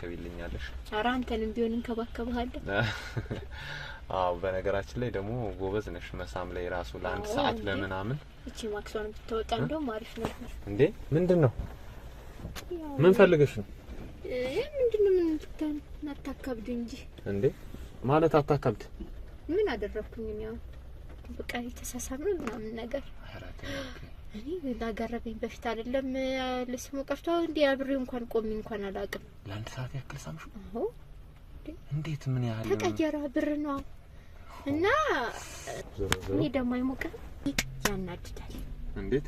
ትንከባከቢልኛለሽ? አረ አንተንም ቢሆን እንከባከብሃለሁ። አዎ በነገራችን ላይ ደግሞ ጎበዝ ነሽ መሳም ላይ ራሱ ለአንድ ሰዓት ለምናምን። እቺ ማክሷን ብትወጣ እንደውም አሪፍ ነበር። እንዴ ምንድን ነው? ምን ፈልገሽ ነው? ምንድን ነው? ምን ትተን አታካብዱ እንጂ። እንዴ ማለት አታካብድ? ምን አደረኩኝ? ያው በቃ ነው ምናምን ነገር እኔ ላጋረበኝ በፊት አይደለም ልስሙ ቀርቶ እንዲ አብሬው እንኳን ቆሚ እንኳን አላውቅም። ለአንድ ሰዓት ያክል ሳምሹ። አዎ እንዴት? ምን ያህል ተቀየረ? ብር ነው እና እኔ ደግሞ አይሞቅም፣ ያናድዳል። እንዴት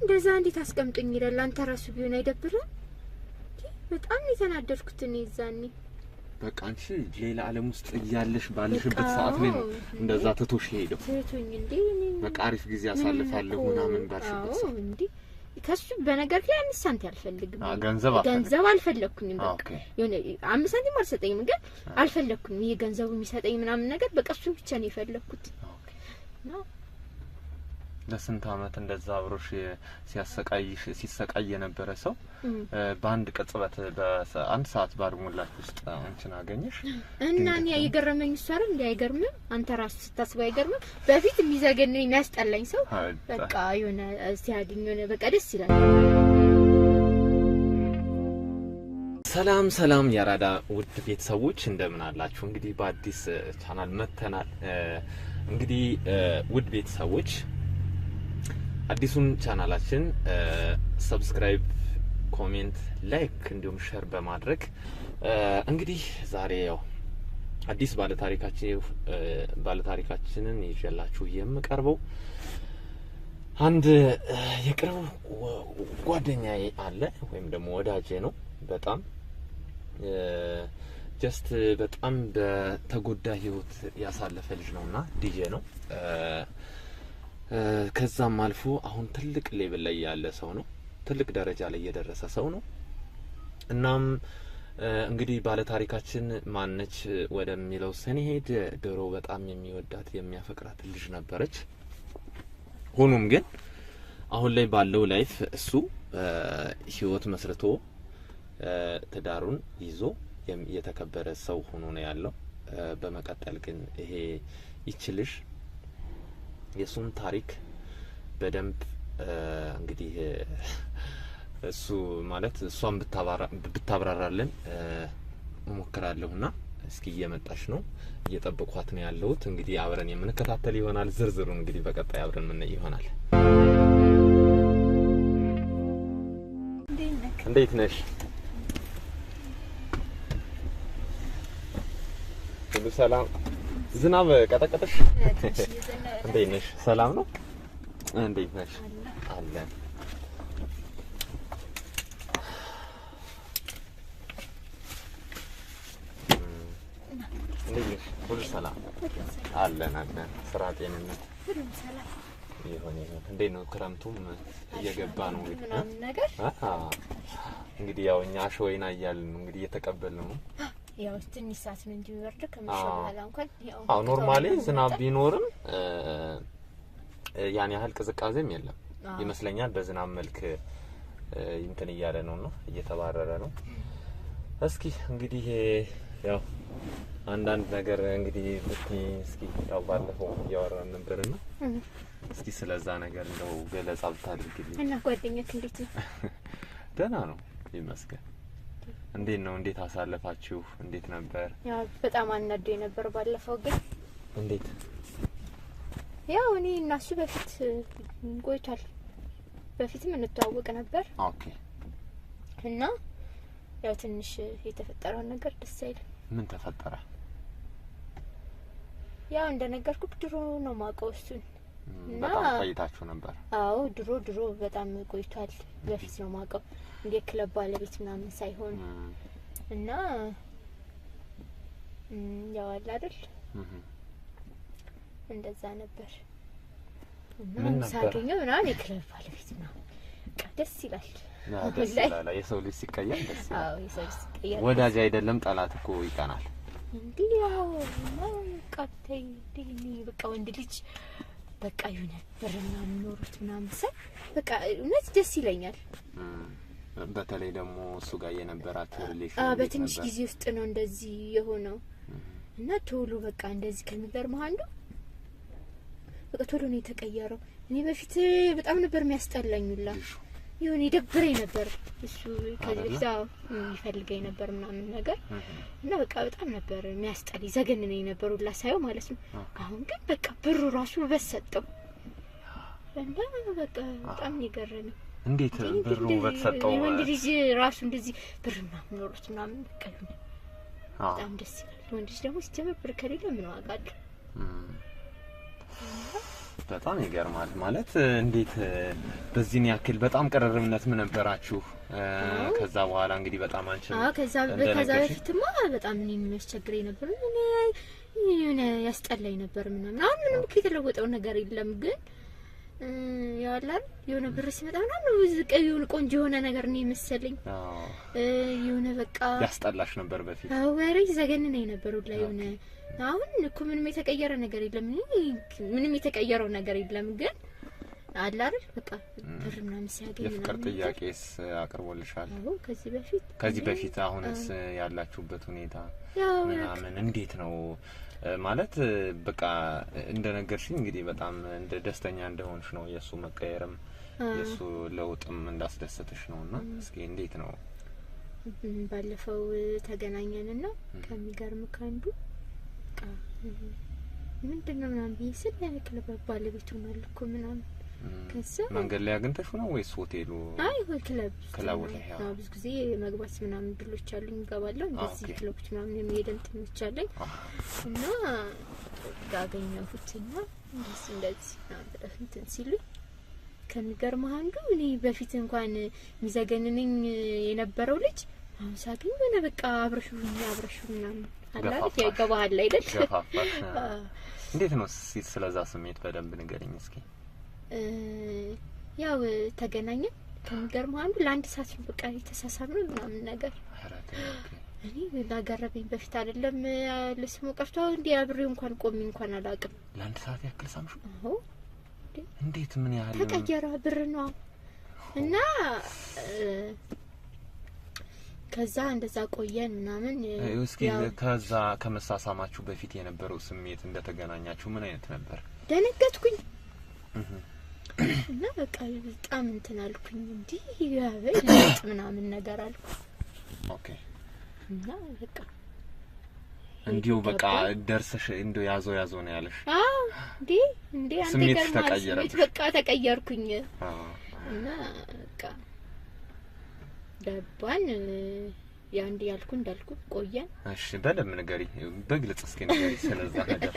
እንደዛ እንዴት አስቀምጡኝ ይላል። አንተ ራሱ ቢሆን አይደብርም? በጣም የተናደድኩት እኔ ዛኔ በቃ አንቺ ሌላ ዓለም ውስጥ እያለሽ ባለሽበት ሰዓት ላይ ነው እንደዛ ትቶሽ ሄደው። በቃ አሪፍ ጊዜ አሳልፋለሁ ምናምን ባልሽበት ሰዓት ከሱ በነገር ላይ አምስት ሳንቲም አልፈልግም፣ ገንዘብ ገንዘብ አልፈለግኩኝም። በቃ የሆነ አምስት ሳንቲም አልሰጠኝም፣ ግን አልፈለግኩም። ይሄ ገንዘቡ የሚሰጠኝ ምናምን ነገር በቃ እሱን ብቻ ነው የፈለግኩት። ለስንት አመት እንደዛ አብሮሽ ሲያሰቃይሽ ሲሰቃይ የነበረ ሰው በአንድ ቅጽበት በአንድ ሰዓት ባልሞላች ውስጥ አንቺን አገኘሽ እና እኔ የገረመኝ እሱ አይደል እንዴ? አይገርምም? አንተ ራሱ ስታስበው አይገርምም? በፊት የሚዘገነኝ የሚያስጠላኝ ሰው በቃ የሆነ ሲያድኝ የሆነ በቃ ደስ ይላል። ሰላም ሰላም የአራዳ ውድ ቤተሰቦች እንደምን አላችሁ? እንግዲህ በአዲስ ቻናል መተናል እንግዲህ ውድ ቤተሰቦች አዲሱን ቻናላችን ሰብስክራይብ፣ ኮሜንት፣ ላይክ እንዲሁም ሸር በማድረግ እንግዲህ ዛሬ ያው አዲስ ባለታሪካችንን ይዤላችሁ የምቀርበው አንድ የቅርብ ጓደኛዬ አለ ወይም ደግሞ ወዳጄ ነው። በጣም ጀስት በጣም በተጎዳ ህይወት ያሳለፈ ልጅ ነው እና ዲጄ ነው ከዛም አልፎ አሁን ትልቅ ሌቭል ላይ ያለ ሰው ነው። ትልቅ ደረጃ ላይ የደረሰ ሰው ነው። እናም እንግዲህ ባለታሪካችን ማነች ወደሚለው ስንሄድ ድሮ በጣም የሚወዳት የሚያፈቅራት ልጅ ነበረች። ሆኖም ግን አሁን ላይ ባለው ላይፍ እሱ ህይወት መስርቶ ትዳሩን ይዞ የተከበረ ሰው ሆኖ ነው ያለው። በመቀጠል ግን ይሄ ይችልሽ የእሱን ታሪክ በደንብ እንግዲህ እሱ ማለት እሷን ብታብራራልን እሞክራለሁ ና እስኪ እየመጣች ነው፣ እየጠበኳት ነው ያለሁት። እንግዲህ አብረን የምንከታተል ይሆናል። ዝርዝሩ እንግዲህ በቀጣይ አብረን ምን ይሆናል። እንዴት ነሽ? ሁሉ ሰላም ዝናብ ቀጠቀጠሽ? እንዴት ነሽ? ሰላም ነው? እንዴት ነሽ? አለን። እንዴት ነሽ? ሁሉ ሰላም አለን አለን። ስራ፣ ጤንነት ይሁን ይሁን። እንዴት ነው ክረምቱም እየገባ ነው እንግዲህ። እንግዲህ ያው እኛ አሸወይና እያልን እንግዲህ እየተቀበልን ነው ያው ትንሽ ሰዓት ነው እንጂ የሚበርድ ከምሽቱ በኋላ እንኳን ያው ኖርማሊ ዝናብ ቢኖርም ያን ያህል ቅዝቃዜም የለም ይመስለኛል። በዝናብ መልክ እንትን እያለ ነው ነው እየተባረረ ነው። እስኪ እንግዲህ ያው አንዳንድ ነገር እንግዲህ ብቲ እስኪ ያው ባለፈው እያወራን ነበርና እስኪ ስለዛ ነገር እንደው ገለጻ ብታደርግልኝ እና ጓደኛክ እንዴት ነው? ደህና ነው ይመስገን። እንዴት ነው? እንዴት አሳለፋችሁ? እንዴት ነበር? ያው በጣም አናዶ ነበር ባለፈው ግን እንዴት ያው እኔ እናሱ በፊት ቆይቷል። በፊትም እንተዋወቅ ነበር። ኦኬ። እና ያው ትንሽ የተፈጠረውን ነገር ደስ አይልም። ምን ተፈጠረ? ያው እንደነገርኩ ድሮ ነው ማውቀው እሱን በጣም ቆይታችሁ ነበር? አዎ ድሮ ድሮ በጣም ቆይቷል። በፊት ነው ማውቀው እንደ ክለብ ባለቤት ምናምን ሳይሆን እና ያው አለ አይደል እንደዛ ነበር ምን ሳገኘው ምናምን የክለብ ባለቤት ነው ደስ ይላል። የሰው ልጅ ሲቀየር ደስ ይላል። ወዳጅ አይደለም ጠላት እኮ ይቀናል። እንዲያው ቃተይ እንዲህ በቃ ወንድ ልጅ በቃ የሆነ ብር ምናምን ምናምን ሰ በቃ እውነት ደስ ይለኛል። በተለይ ደግሞ እሱ ጋር የነበራችሁ ሪሌሽን በትንሽ ጊዜ ውስጥ ነው እንደዚህ የሆነው እና ቶሎ በቃ እንደዚህ ከሚገርመህ አንዱ በቃ ቶሎ ነው የተቀየረው። እኔ በፊት በጣም ነበር የሚያስጠላኝ የሆነ የደብረኝ ነበር እሱ ከዚህ በፊት ነበር ምናምን ነገር እና በቃ በጣም ነበር የሚያስጠል ዘገንነኝ ነበር ሁላ ሳየው ማለት ነው። አሁን ግን በቃ ብሩ ራሱ ውበት ሰጠው እና በቃ በጣም የገረመኝ እንዴት ብሩ ውበት ሰጠው። ወንድ ልጅ ራሱ እንደዚህ ብር ምናምን ኖሮት ምናምን በቃ በጣም ደስ ይላል። ወንድ ልጅ ደግሞ ሲጀምር ብር ከሌለ ምን ዋጋ አለው? በጣም ይገርማል። ማለት እንዴት በዚህን ያክል በጣም ቅርርብነት ምን ነበራችሁ? ከዛ በኋላ እንግዲህ በጣም አንቺ አዎ፣ ከዛ ከዛ በፊትማ በጣም እኔን የሚያስቸግረኝ ነበር፣ ምን ያስጠላኝ ነበር ምናምን። አሁን ምንም የተለወጠው ነገር የለም ግን አለ የሆነ ብር ሲመጣ ምናምን ዝቅ የሆነ ቆንጆ የሆነ ነገር ነው የመሰለኝ። የሆነ በቃ ያስጠላሽ ነበር በፊት? አዎ ኧረ ዘገንን ነበር ላይ የሆነ አሁን እኮ ምንም የተቀየረ ነገር የለም። ምንም የተቀየረው ነገር የለም ግን አለ አይደል በቃ ብር ምናምን ሲያገኝ የፍቅር ጥያቄስ አቅርቦልሻል? አዎ ከዚህ በፊት ከዚህ በፊት አሁንስ ያላችሁበት ሁኔታ ምናምን እንዴት ነው? ማለት በቃ እንደነገርሽኝ እንግዲህ በጣም እንደ ደስተኛ እንደሆንሽ ነው የእሱ መቀየርም የእሱ ለውጥም እንዳስደሰተሽ ነው። እና እስኪ እንዴት ነው ባለፈው ተገናኘን ና ከሚገርም ከአንዱ ምንድን ነው ምናምን ብዬ ስል ያክል ባለቤቱ ናልኩ ምናምን ከዛ መንገድ ላይ አግኝተሽ ነው ወይስ ሆቴሉ? አይ ሆቴል ክለብ ክለብ ላይ ያው ብዙ ጊዜ መግባት ምናምን ድሎች አሉኝ፣ እገባለሁ። እንደዚህ ክለቦች ምናምን የሚሄድ እንትን ይቻለኝ እና አገኘሁት እና እንደዚህ እንደዚህ ብለህ እንትን ሲሉኝ ከሚገርመህ አንዱ እኔ በፊት እንኳን የሚዘገንነኝ የነበረው ልጅ አሁን ሳገኝ ሆነ በቃ አብረሹ አብረሹ ምናምን አላለት ያገባሃል አይደል? እንዴት ነው? ስለዛ ስሜት በደንብ ንገረኝ እስኪ። ያው ተገናኘን። ከሚገርመው አንዱ ለአንድ ሰዓት ነው በቃ የተሳሳምነው ምናምን ነገር እኔ ላጋረበኝ በፊት አይደለም ልስሙ ቀርቶ እንዲህ አብሬው እንኳን ቆሚ እንኳን አላውቅም። ለአንድ ሰዓት ያክል ሳምሹ? እንዴት? ምን ያህል ተቀየረ? ብር ነው እና ከዛ እንደዛ ቆየን ምናምን። እስኪ ከዛ ከመሳሳማችሁ በፊት የነበረው ስሜት እንደተገናኛችሁ ምን አይነት ነበር? ደነገጥኩኝ። እና በቃ በጣም እንትን አልኩኝ። እንዲህ ያበይ ምናምን ነገር አልኩ። ኦኬ እና በቃ እንዲሁ በቃ ደርሰሽ እንዲሁ ያዞ ያዞ ነው ያለሽ? አዎ እንዴ እንዴ አንተ ጋር ስሜት በቃ ተቀየርኩኝ። አዎ እና በቃ ደባን ያንድ ያልኩ እንዳልኩ ቆየን። እሺ በደንብ ንገሪ፣ በግልጽ እስኪ ንገሪ ስለዛ ነገር።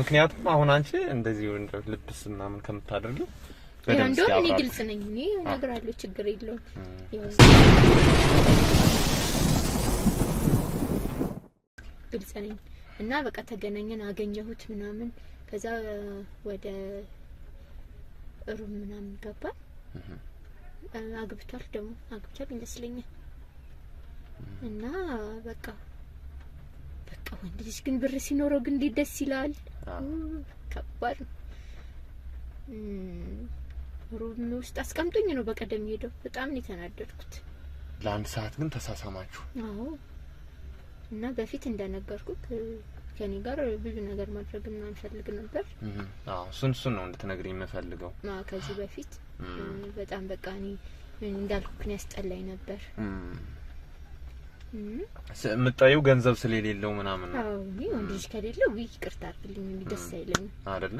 ምክንያቱም አሁን አንቺ እንደዚህ ልብስ ምናምን ከምታደርጊ እንደውም እኔ ግልጽ ነኝ፣ እኔ እነግራለሁ፣ ችግር የለውም። ግልጽ ነኝ እና በቃ ተገናኘን፣ አገኘሁት ምናምን። ከዛ ወደ ሩም ምናምን ገባ። አግብቷል ደግሞ አግብቷል ይመስለኛል እና በቃ በቃ ወንድ ልጅ ግን ብር ሲኖረው ግን እንዴት ደስ ይላል። ከባድ ሩም ውስጥ አስቀምጦኝ ነው በቀደም ሄደው። በጣም ነው የተናደድኩት። ለአንድ ሰዓት ግን ተሳሳማችሁ? አዎ። እና በፊት እንደነገርኩት ከኔ ጋር ብዙ ነገር ማድረግ እና እንፈልግ ነበር። አዎ፣ እሱን እሱን ነው እንድትነግሪኝ የምፈልገው። ከዚህ በፊት በጣም በቃ እኔ እንዳልኩክ ያስጠላኝ ነበር የምታየው ገንዘብ ስለሌለው ምናምን ነው። አዎ ይሄ ወንድ ልጅ ከሌለው ይሄ ይቅርታ አድርግልኝ የሚደስ አይለኝም አይደለ?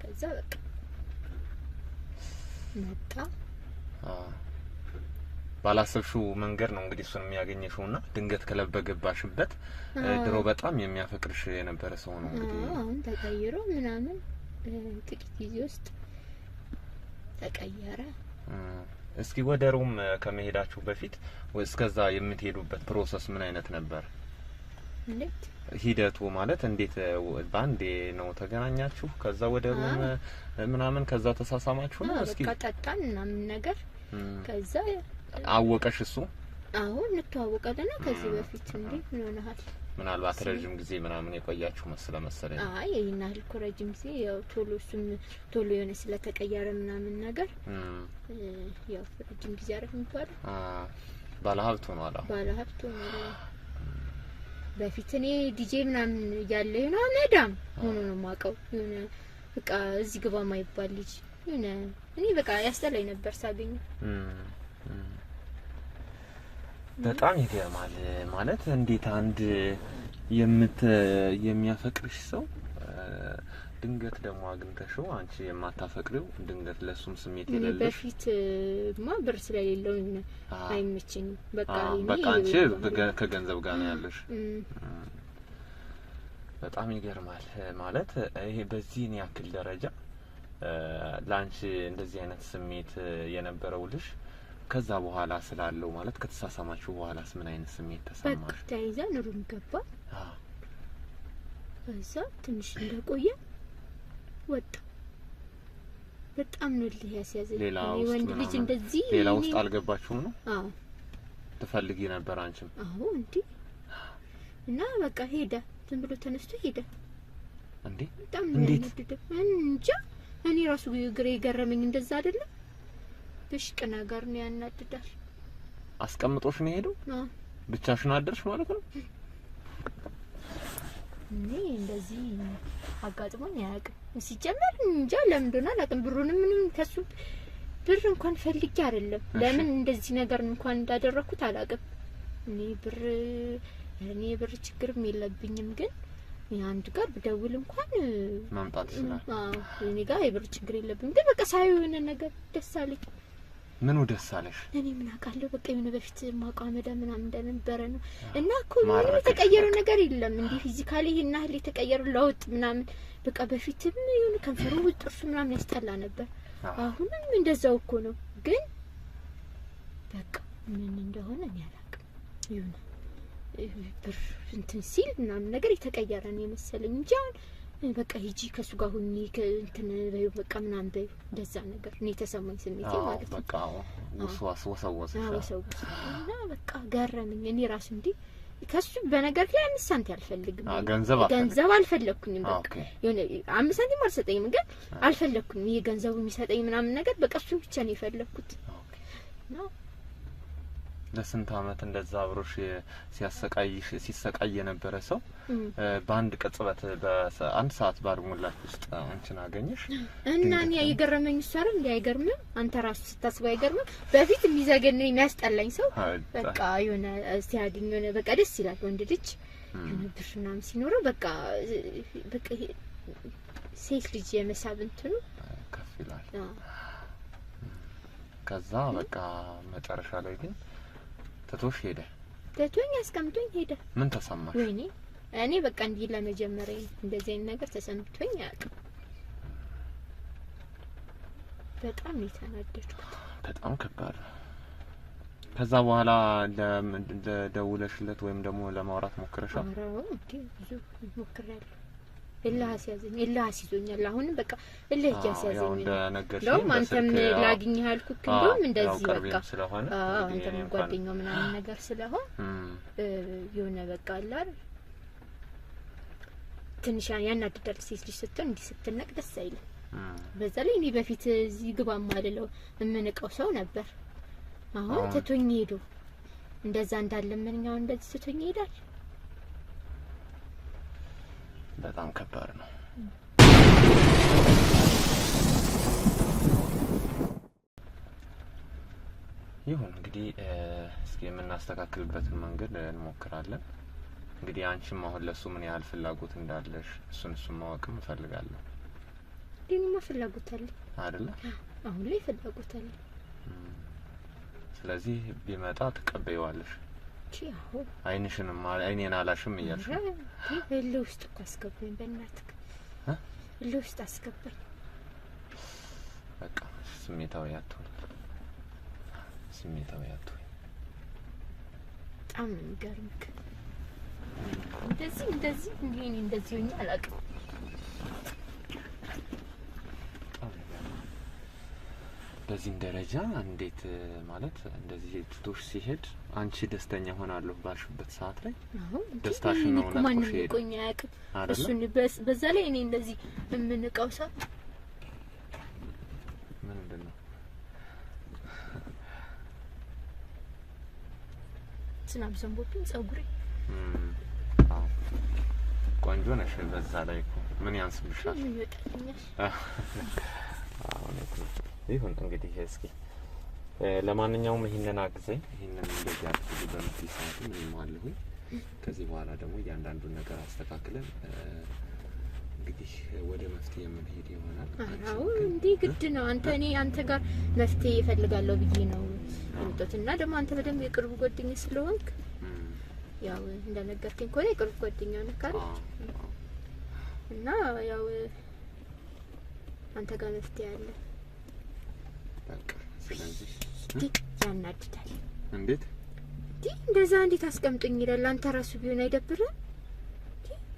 ከዛ በቃ መጣ። አዎ ባላሰብሽው መንገድ ነው እንግዲህ እሱን የሚያገኘሽው እና ድንገት ክለብ በገባሽበት ድሮ በጣም የሚያፈቅርሽ የነበረ ሰው ነው እንግዲህ አሁን ተቀይሮ ምናምን ጥቂት ጊዜ ውስጥ ተቀየረ። እስኪ ወደ ሮም ከመሄዳችሁ በፊት እስከዛ የምትሄዱበት ፕሮሰስ ምን አይነት ነበር? ሂደቱ ማለት እንዴት በአንዴ ነው ተገናኛችሁ? ከዛ ወደ ሮም ምናምን ከዛ ተሳሳማችሁ ነው? እስኪ ጠጣን ምናምን ነገር ከዛ አወቀሽ እሱ? አዎ እንተዋወቃለና ከዚህ በፊት እንዴ ምን ሆነሃል? ምናልባት ረዥም ጊዜ ምናምን የቆያችሁ መስለ መሰለኝ። አይ ይህን ያህል እኮ ረጅም ጊዜ ያው ቶሎ እሱም ቶሎ የሆነ ስለ ስለተቀየረ ምናምን ነገር ያው ረጅም ጊዜ አረፍ የሚባለ ባለሀብት ሆኗል። አሁን ባለሀብት ሆኗል። በፊት እኔ ዲጄ ምናምን እያለ የሆነ ነዳም ሆኖ ነው የማውቀው። የሆነ በቃ እዚህ ግባ ማይባል ልጅ የሆነ እኔ በቃ ያስጠላኝ ነበር ሳገኘው በጣም ይገርማል። ማለት እንዴት አንድ የምት የሚያፈቅርሽ ሰው ድንገት ደግሞ አግኝተሽው አንቺ የማታፈቅሪው ድንገት ለሱም ስሜት የሌለሽ በፊት ማ ብር ስለሌለው አይመቸኝም። በቃ በቃ አንቺ ከገንዘብ ጋር ነው ያለሽ። በጣም ይገርማል። ማለት ይሄ በዚህን ያክል ደረጃ ለአንቺ እንደዚህ አይነት ስሜት የነበረው ልሽ ከዛ በኋላ ስላለው ማለት ከተሳሳማችሁ በኋላ ምን አይነት ስሜት በቃ ተያይዛ ሩም ገባ። ከዛ ትንሽ እንደቆየ ወጣ። በጣም ነው ልህ ያስያዘኝ። ወንድ ልጅ እንደዚህ ሌላ ውስጥ አልገባችሁም ነው? አዎ ትፈልጊ ነበር አንቺም? አዎ እንዴ። እና በቃ ሄደ፣ ዝም ብሎ ተነስቶ ሄደ። እንዴ በጣም ነው እንጃ። እኔ ራሱ ግሬ ገረመኝ። እንደዛ አይደለም ብሽቅ ነገር ነው ያናድዳል። አስቀምጦሽ ነው የሄደው? ብቻሽን አደርሽ ማለት ነው? እኔ እንደዚህ አጋጥሞኝ አያውቅም። ሲጀመር እንጃ ለምን እንደሆነ አላውቅም። ብሩንም ምንም ከሱ ብር እንኳን ፈልጌ አይደለም። ለምን እንደዚህ ነገር እንኳን እንዳደረኩት አላውቅም። እኔ ብር እኔ የብር ችግርም የለብኝም፣ ግን አንድ ጋር ብደውል እንኳን ማምጣት ይችላል። አዎ እኔ ጋር የብር ችግር የለብኝም፣ ግን በቃ ሳይሆን ነገር ደስ አለኝ። ምኑ ደስ አለሽ? እኔ ምን አውቃለሁ። በቃ የሆነ በፊት ማቋመዳ ምናምን እንደነበረ ነው። እና እኮ ምንም የተቀየረ ነገር የለም። እንዲህ ፊዚካሊ ይሄን ያህል የተቀየረ ለውጥ ምናምን በቃ በፊትም የሆነ ከንፈሩ ጥርሱ ምናምን ያስጠላ ነበር። አሁንም እንደዛው እኮ ነው። ግን በቃ ምን እንደሆነ እኔ አላውቅም። የሆነ ብር እንትን ሲል ምናምን ነገር የተቀየረ ነው የመሰለኝ እንጂ አሁን በቃ ሂጂ ከእሱ ጋር ሁኚ እንትን በይው በቃ ምናምን በይው እንደዛ ነገር እኔ የተሰማኝ ስሜቴ ማለት ነው። በቃ ወሰወሰና በቃ ገረመኝ። እኔ ራሱ እንዲ ከሱ በነገር ላይ አምስት ሳንቲም አልፈልግም፣ ገንዘብ ገንዘብ አልፈለግኩኝም። በቃ የሆነ አምስት ሳንቲም አልሰጠኝም፣ ግን አልፈለግኩኝም። ይሄ ገንዘቡ የሚሰጠኝ ምናምን ነገር በቃ እሱን ብቻ ነው የፈለግኩት። ለስንት አመት እንደዛ አብሮሽ ሲያሰቃይሽ ሲሰቃይ የነበረ ሰው በአንድ ቅጽበት በአንድ ሰዓት ባልሞላች ውስጥ አንቺን አገኘሽ እና እኔ የገረመኝ እሱ አይደል እንዴ? አይገርምም? አንተ ራሱ ስታስበው አይገርምም? በፊት የሚዘገነኝ የሚያስጠላኝ ሰው በቃ የሆነ ሲያድኝ የሆነ በቃ ደስ ይላል። ወንድ ልጅ የሆነ ብር ምናምን ሲኖረው በቃ በቃ ሴት ልጅ የመሳብ እንትኑ ከፍ ይላል። ከዛ በቃ መጨረሻ ላይ ግን ትቶሽ ሄደ። ትቶኝ አስቀምጦኝ ሄደ። ምን ተሰማሽ? ወይኔ እኔ በቃ እንዲህ ለመጀመሪያ እንደዚህ አይነት ነገር ተሰምቶኝ አያውቅም። በጣም ነው የተናደድኩት። በጣም ከባድ ነው። ከዛ በኋላ ለደውለሽለት ወይም ደግሞ ለማውራት ሞክረሻል? አዎ እንዴ ብዙ ሞክሬያለሁ። እልህ አስያዘኝ፣ እልህ አስይዞኛል። አሁንም በቃ እልህ ነው። እንደውም አንተም ያልኩት እንደውም እንደዚህ በቃ አንተም ጓደኛው ምናምን ነገር ስለሆን የሆነ በቃ አላል ትንሽ ያናድዳል። ሴት ልጅ ስትሆን እንዲህ ስትነቅ ደስ አይልም። በዛ ላይ እኔ በፊት እዚህ ግባ ማልለው የምንቀው ሰው ነበር። አሁን ትቶኝ ሄዶ እንደዛ እንዳለ ምንኛው እንደዚህ ትቶኝ በጣም ከባድ ነው። ይሁን እንግዲህ እስኪ የምናስተካክልበትን መንገድ እንሞክራለን። እንግዲህ አንቺም አሁን ለሱ ምን ያህል ፍላጎት እንዳለሽ እሱን እሱን ማወቅም እፈልጋለሁ። እኔማ ፍላጎት አለ አይደለ? አሁን ላይ ፍላጎት አለ። ስለዚህ ቢመጣ ትቀበይዋለሽ? አንቺ አሁን አይንሽንም አይኔን አላሽም እያልሽ እልህ ውስጥ እኮ አስገባኝ። በእናትህ እልህ ውስጥ አስገባኝ። በቃ ስሜታዊ አትሆን፣ ስሜታዊ አትሆን። በጣም ነው የሚገርምህ። እንደዚህ እንደዚህ እንደዚህ ሆኜ አላውቅም። በዚህም ደረጃ እንዴት ማለት እንደዚህ ትቶሽ ሲሄድ አንቺ ደስተኛ ሆናለሁ ባልሽበት ሰዓት ላይ ደስታሽን ነው ነው ማንም ቆኛ ያቅም እሱን በዛ ላይ እኔ እንደዚህ የምንቀው ሰው ምንድን ነው ዝናብ ዘንቦብኝ ጸጉሬ ቆንጆ ነሽ። በዛ ላይ ምን ያንስብሻል? ምን ይወጣልኛል? ይሁን እንግዲህ እስኪ ለማንኛውም ይህንን አግዜ ይህንን እንደዚህ አግዜ በምትል ሰዓት ምንማለሁኝ ከዚህ በኋላ ደግሞ እያንዳንዱን ነገር አስተካክለን እንግዲህ ወደ መፍትሄ የምንሄድ ይሆናል። እንዲህ ግድ ነው። አንተ እኔ አንተ ጋር መፍትሄ እፈልጋለሁ ብዬ ነው የመጣሁት እና ደግሞ አንተ በደንብ የቅርቡ ጓደኛ ስለሆንክ ያው እንደነገርከኝ ከሆነ የቅርቡ ጓደኛ ነካል እና ያው አንተ ጋር መፍትሄ አለ። በቃ ስለዚህ ያናድዳል። እንዴት እንደዛ እንዴት አስቀምጡኝ ይላል። አንተ ራሱ ቢሆን አይደብርም?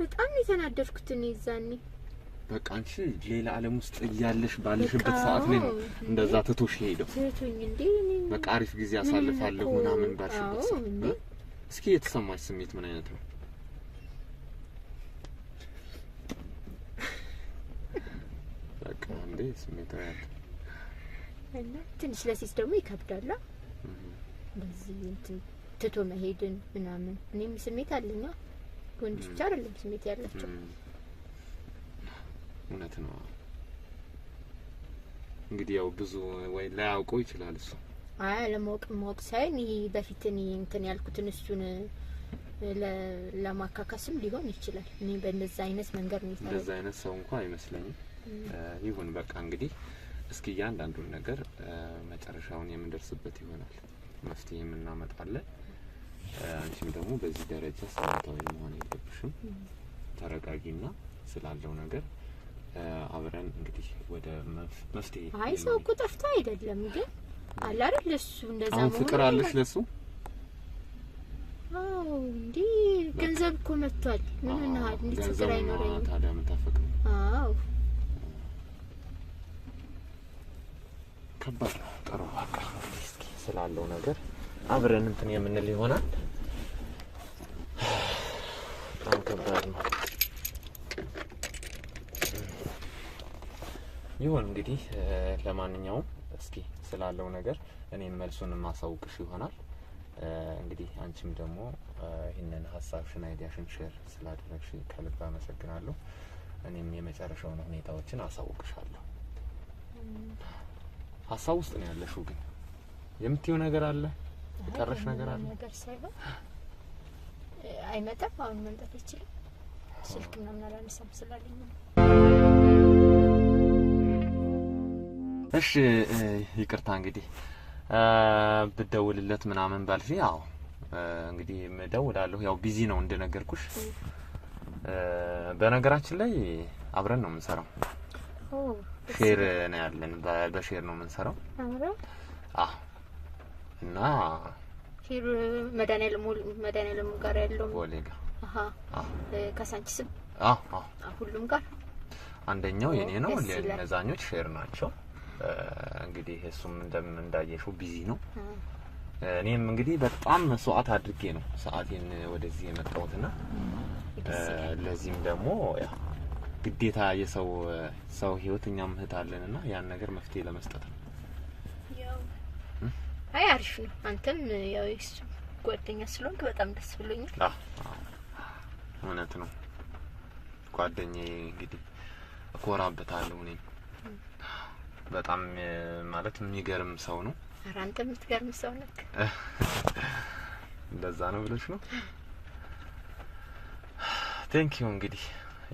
በጣም የተናደድኩት እኔ ይዛኔ በቃ አንቺ ሌላ ዓለም ውስጥ እያለሽ ባለሽበት ሰዓት ላይ ነው እንደዛ ትቶሽ ሄደው። በቃ አሪፍ ጊዜ አሳልፋለሁ ምናምን ባልሽበት ሰዓት እስኪ የተሰማሽ ስሜት ምን አይነት ነው? ስሜት ያለ እና ትንሽ ለሲስ ደግሞ ይከብዳል። እንደዚህ እንትን ትቶ መሄድን ምናምን እኔም ስሜት አለኝ። ወንድ ብቻ አይደለም ስሜት ያላቸው። እውነት ነው። እንግዲህ ያው ብዙ ወይ ላያውቀው ይችላል እሱ። አይ ለማወቅ ማወቅ ሳይሆን ይሄ በፊት እኔ እንትን ያልኩትን እሱን ለማካካስም ሊሆን ይችላል። እኔ በእንደዛ አይነት መንገድ ነው። እንደዛ አይነት ሰው እንኳን አይመስለኝም። ይሁን በቃ እንግዲህ እስኪ እያንዳንዱን ነገር መጨረሻውን የምንደርስበት ይሆናል። መፍትሄ የምናመጣለን። አንቺም ደግሞ በዚህ ደረጃ ስሜታዊ መሆን የለብሽም። ተረጋጊና ስላለው ነገር አብረን እንግዲህ ወደ መፍትሄ። አይ ሰው እኮ ጠፍቶ አይደለም ግን አላረ ለሱ እንደዛ ነው። ፍቅር አለሽ ለሱ አዎ እንዴ ገንዘብ እኮ መጥቷል። ምን እናሃል እንዴት ፍቅር አይኖረኝ ታዲያ? ምን ታፈቅሪ? አዎ ከባድ ነው። ጥሩ በቃ እስኪ ስላለው ነገር አብረን እንትን የምንል ይሆናል። በጣም ከባድ ነው። ይሁን እንግዲህ ለማንኛውም እስኪ ስላለው ነገር እኔም መልሱን ማሳውቅሽ ይሆናል። እንግዲህ አንቺም ደግሞ ይህንን ሀሳብሽን አይዲያሽን ሼር ስላደረግሽ ከልብ አመሰግናለሁ። እኔም የመጨረሻውን ሁኔታዎችን አሳውቅሻለሁ። ሀሳብ ውስጥ ነው ያለሽው። ግን የምትይው ነገር አለ፣ የቀረሽ ነገር አለ። ነገር ሳይሆን አይመጣም። አሁን መምጣት ይችላል። ስልክ ምናምን አላነሳም ስላለኝ እሺ ይቅርታ እንግዲህ ብደውልለት ምናምን ባልሽ፣ ያው እንግዲህ እደውላለሁ። ያው ቢዚ ነው እንደነገርኩሽ። በነገራችን ላይ አብረን ነው የምንሰራው። ሼር ነው ያለን፣ በሼር ነው የምንሰራው። አዎ እና ሼር መድኃኒዓለም ጋር ያለው ወሌጋ ከሳንቺስም ሁሉም ጋር አንደኛው የኔ ነው። እነዛኞች ሼር ናቸው። እንግዲህ እሱም እንደምን እንዳየሽው ቢዚ ነው። እኔም እንግዲህ በጣም መስዋዕት አድርጌ ነው ሰዓቴን ወደዚህ የመጣሁትና ለዚህም ደግሞ ግዴታ የሰው ሰው ህይወት እኛም እህት አለን እና ያን ነገር መፍትሄ ለመስጠት ነው። አይ አሪፍ ነው። አንተም ያው የሱ ጓደኛ ስለሆንክ በጣም ደስ ብሎኛል። እውነት ነው ጓደኛዬ፣ እንግዲህ እኮራበታለሁ። እኔም በጣም ማለት የሚገርም ሰው ነው። ኧረ አንተ የምትገርም ሰው ነክ። እንደዛ ነው ብለሽ ነው። ዩ እንግዲህ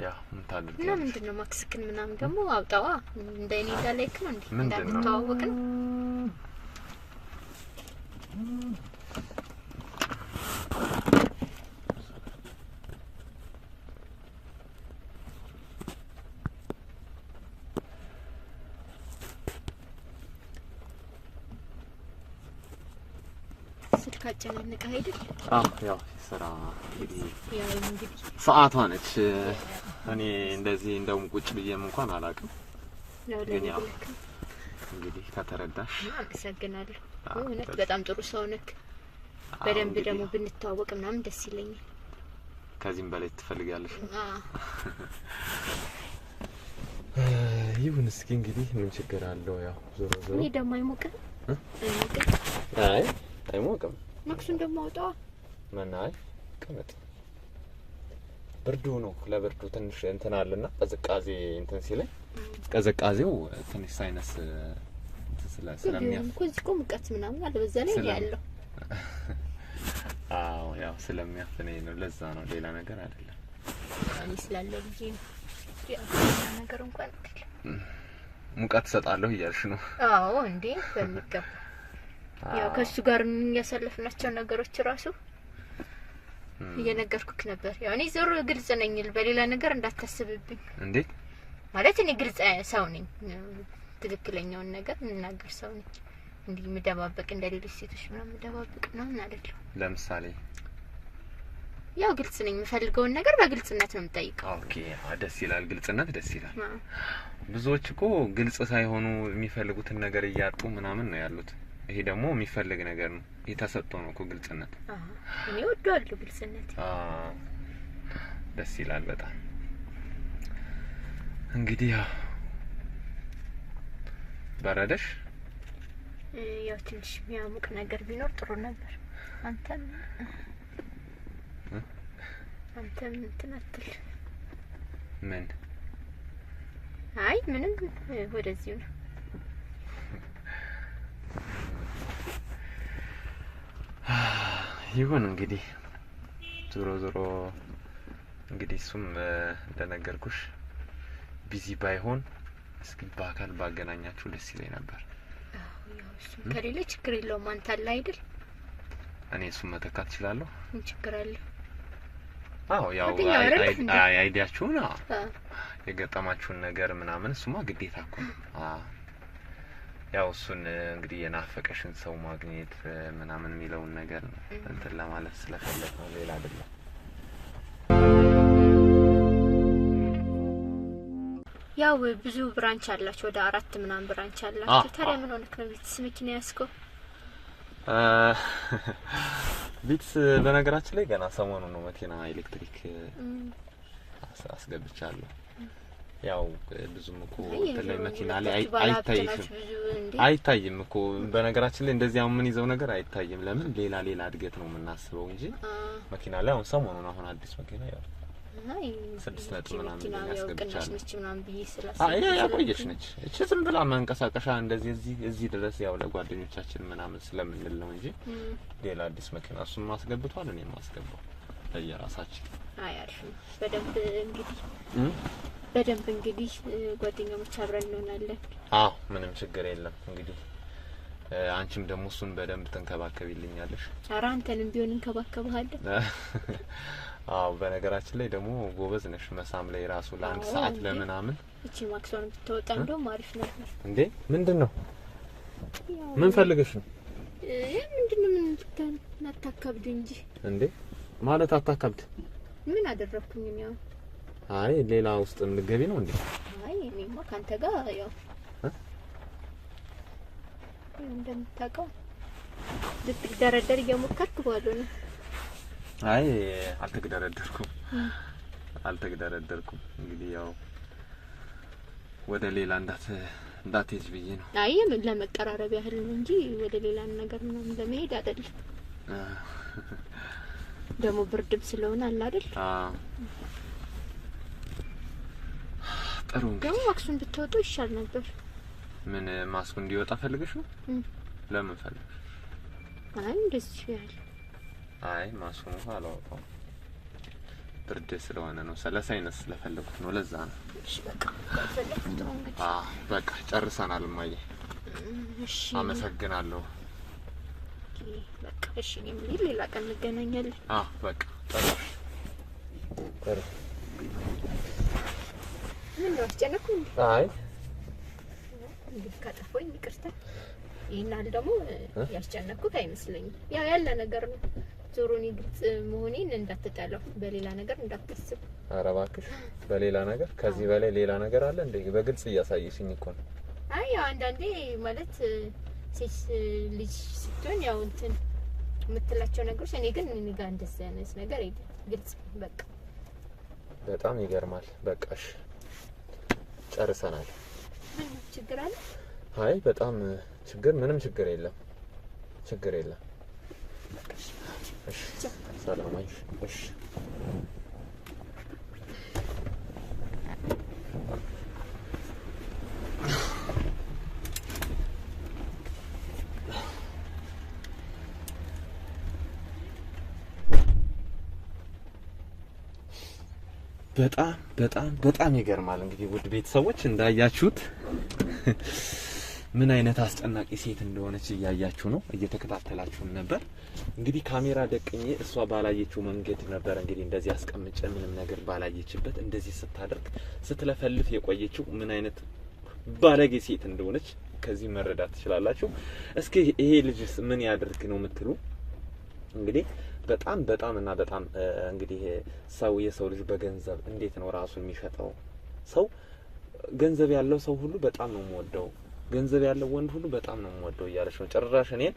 ያ ምን እና ምንድን ነው ማክስክን ምናምን ደግሞ አውጣዋ እንደ እኔ እንዳላይክ ነው እንዴ እንዳትተዋወቅ ነው አይደል? አዎ ያው ስራ እንግዲህ ሰዓቷ ነች። እኔ እንደዚህ እንደውም ቁጭ ብዬም እንኳን አላውቅም። ግን ያው እንግዲህ ከተረዳሽ አመሰግናለሁ። እውነት በጣም ጥሩ ሰው ነክ። በደንብ ደግሞ ብንተዋወቅ ምናምን ደስ ይለኛል። ከዚህም በላይ ትፈልጋለሽ? ይሁን እስኪ እንግዲህ ምን ችግር አለው? ያው ዞሮ ዞሮ እኔ ደግሞ አይሞቅም። አይሞቅም አይ አይሞቅም። መክሱን ደግሞ አውጣዋ። ምን አይ ብርዱ ነው ለብርዱ ትንሽ እንትን አለና ቀዝቃዜ እንትን ሲለኝ ቀዘቃዜው ትንሽ ሳይነስ ስለሚያፍኩ ሙቀት ምናምን አለ በዛ ላይ ያለው አዎ ያው ስለሚያፍነኝ ነው። ለዛ ነው ሌላ ነገር አይደለም። እኔ ስላለ ነው ነገር እንኳን ሙቀት እሰጣለሁ እያልሽ ነው? አዎ እንዴ በሚገባ ያው ከእሱ ጋር የሚያሳለፍናቸው ነገሮች ራሱ እየነገርኩክ ነበር። ያው እኔ ዞሮ ግልጽ ነኝ፣ በሌላ ነገር እንዳታስብብኝ። እንዴት ማለት እኔ ግልጽ ሰው ነኝ፣ ትክክለኛውን ነገር እናገር ሰው ነኝ። እንዲህ የምደባበቅ እንደሌሎች ሴቶች ምናምን የምደባበቅ ምናምን አይደለሁ። ለምሳሌ ያው ግልጽ ነኝ፣ የምፈልገውን ነገር በግልጽነት ነው የምጠይቀው። ኦኬ፣ ደስ ይላል። ግልጽነት ደስ ይላል። ብዙዎች እኮ ግልጽ ሳይሆኑ የሚፈልጉትን ነገር እያጡ ምናምን ነው ያሉት። ይሄ ደግሞ የሚፈልግ ነገር ነው። የተሰጠው ነው እኮ ግልጽነት። እኔ ወደዋለሁ ግልጽነት። ደስ ይላል በጣም እንግዲህ ያው በረደሽ። ያው ትንሽ የሚያሙቅ ነገር ቢኖር ጥሩ ነበር። አንተም አንተም እንትን አትል። ምን? አይ ምንም ወደዚሁ ነው። ይሁን እንግዲህ ዞሮ ዞሮ እንግዲህ እሱም እንደነገርኩሽ ቢዚ ባይሆን እስኪ በአካል ባገናኛችሁ ደስ ይለኝ ነበር። ከሌለ ችግር የለውም። አንተ አለ አይደል? እኔ እሱም መተካት እችላለሁ። ችግር አለ? አዎ ያው አይዲያችሁን የገጠማችሁን ነገር ምናምን እሱማ ግዴታ እኮ ነው። ያው እሱን እንግዲህ የናፈቀሽን ሰው ማግኘት ምናምን የሚለውን ነገር ነው እንትን ለማለት ስለፈለግ ነው፣ ሌላ አይደለም። ያው ብዙ ብራንች አላችሁ፣ ወደ አራት ምናምን ብራንች አላችሁ። ታዲያ ምን ሆነክ ነው ቤትስ መኪና ያስገው? ቤትስ በነገራችን ላይ ገና ሰሞኑ ነው መኪና ኤሌክትሪክ አስገብቻለሁ። ያው ብዙም እኮ በተለይ መኪና ላይ አይታይም አይታይም እኮ በነገራችን ላይ እንደዚህ አሁን ምን ይዘው ነገር አይታይም። ለምን ሌላ ሌላ እድገት ነው የምናስበው እንጂ መኪና ላይ አሁን ሰሞኑን አሁን አዲስ መኪና ያው ስድስት ነጥብ ምናምን ያስገብቻለሁ። አይ ያቆየች ነች እቺ ዝም ብላ መንቀሳቀሻ እንደዚህ እዚህ እዚህ ድረስ ያው ለጓደኞቻችን ምናምን ስለምንል ነው እንጂ ሌላ አዲስ መኪና እሱም ማስገብቷል እኔም ማስገባው ለየራሳችን አያልፍ በደንብ እንግዲህ በደንብ እንግዲህ ጓደኛሞች አብረን እንሆናለን። አዎ ምንም ችግር የለም። እንግዲህ አንቺም ደግሞ እሱን በደንብ ትንከባከቢልኛለሽ። ኧረ አንተንም ቢሆን እንከባከብሃለሁ። አዎ በነገራችን ላይ ደግሞ ጎበዝ ነሽ መሳም ላይ ራሱ ለአንድ ሰዓት ለምናምን እቺ ማክሰን ብትወጣ እንደውም አሪፍ ነበር። እንዴ ምንድን ነው ምን ፈልገሽ ነው? ምንድን ነው ምን ታካብዱ እንጂ እንዴ ማለት አታከብድ። ምን አደረኩኝ? ያው አይ ሌላ ውስጥ እንገቢ ነው እንዴ? አይ እኔማ ካንተ ጋር ያው እንደምታውቀው ልትግደረደር እየሞከርክ ባለው ነው። አይ አልተግደረደርኩም፣ አልተግደረደርኩም። እንግዲህ ያው ወደ ሌላ እንዳት እንዳት እንዳትሄጅ ብዬ ነው። አይ ምን ለመቀራረብ ያህል ነው እንጂ ወደ ሌላ ነገር ምናምን ለመሄድ አይደለም። ደግሞ ብርድም ስለሆነ አለ አይደል? አዎ። ጥሩ ደግሞ ማክሱን ብትወጡ ይሻል ነበር። ምን ማስኩ እንዲወጣ ፈልገሽ ነው? ለምን ፈልገሽ? አይ እንደዚህ ይላል። አይ ማስኩን እንኳን አላወጣውም ብርድ ስለሆነ ነው። ስለሳይነስ ስለፈለኩት ነው። ለዛ ነው። እሺ በቃ በቃ ጨርሰናል። ማየ አመሰግናለሁ። በቃ እሺ፣ እኔም ሌላ ቀን እንገናኛለን። አዎ በቃ ጥሩ። ምን ነው አስጨነኩ? አይ እንግዲህ ካጠፋኝ ይቅርታ። ይሄን አለ ደግሞ ያስጨነኩት አይመስለኝም። ያው ያለ ነገር ነው። ዞሮ ግልጽ መሆኔን እንዳትጠላው፣ በሌላ ነገር እንዳታስብ። ኧረ እባክሽ በሌላ ነገር ከዚህ በላይ ሌላ ነገር አለ እንዴ? በግልጽ እያሳየሽኝ እኮ ነው። አይ ያው አንዳንዴ ማለት ሴት ልጅ ስትሆን ያው እንትን የምትላቸው ነገሮች እኔ ግን እኔ ጋር እንደዚህ አይነት ነገር የለም። ግልጽ በቃ በጣም ይገርማል። በቃሽ ጨርሰናል። ምንም ችግር አለ? አይ በጣም ችግር ምንም ችግር የለም። ችግር የለም። እሺ ሰላም። እሺ በጣም በጣም በጣም ይገርማል። እንግዲህ ውድ ቤተሰቦች እንዳያችሁት ምን አይነት አስጨናቂ ሴት እንደሆነች እያያችሁ ነው፣ እየተከታተላችሁም ነበር። እንግዲህ ካሜራ ደቅኜ እሷ ባላየችው መንገድ ነበር እንግዲህ እንደዚህ አስቀምጬ ምንም ነገር ባላየችበት እንደዚህ ስታደርግ ስትለፈልፍ የቆየችው ምን አይነት ባለጌ ሴት እንደሆነች ከዚህ መረዳት ትችላላችሁ። እስኪ ይሄ ልጅስ ምን ያደርግ ነው የምትሉ እንግዲህ በጣም በጣም እና በጣም እንግዲህ ሰው የሰው ልጅ በገንዘብ እንዴት ነው ራሱ የሚሸጠው? ሰው ገንዘብ ያለው ሰው ሁሉ በጣም ነው የምወደው ገንዘብ ያለው ወንድ ሁሉ በጣም ነው የምወደው እያለች ነው። ጭራሽ እኔን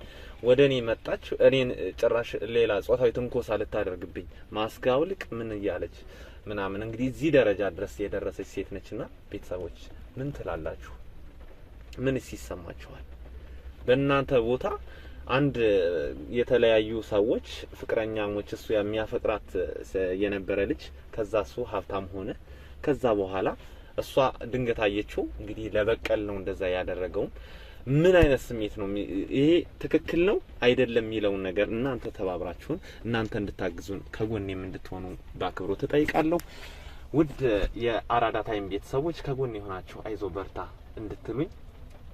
ወደ እኔ መጣች። እኔን ጭራሽ ሌላ ጾታዊ ትንኮሳ ልታደርግብኝ ልቅ ምን እያለች ምናምን እንግዲህ እዚህ ደረጃ ድረስ የደረሰች ሴት ነችና ቤተሰቦች ምን ትላላችሁ? ምንስ ይሰማችኋል? በእናንተ ቦታ አንድ የተለያዩ ሰዎች ፍቅረኛሞች እሱ የሚያፈቅራት የነበረ ልጅ ከዛ እሱ ሀብታም ሆነ። ከዛ በኋላ እሷ ድንገት አየችው። እንግዲህ ለበቀል ነው እንደዛ ያደረገውም። ምን አይነት ስሜት ነው ይሄ? ትክክል ነው አይደለም የሚለውን ነገር እናንተ ተባብራችሁን እናንተ እንድታግዙን ከጎኔም እንድትሆኑ በአክብሮት እጠይቃለሁ። ውድ የአራዳ ታይም ቤተሰቦች ከጎን የሆናችሁ አይዞ በርታ እንድትሉኝ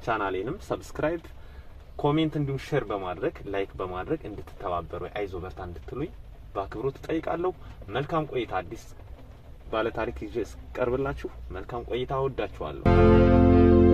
ቻናሌንም ሰብስክራይብ ኮሜንት እንዲሁም ሼር በማድረግ ላይክ በማድረግ እንድትተባበሩ አይዞ በርታ እንድትሉኝ በአክብሮት እጠይቃለሁ። መልካም ቆይታ። አዲስ ባለታሪክ ይዤ እስቀርብላችሁ መልካም ቆይታ። እወዳችኋለሁ።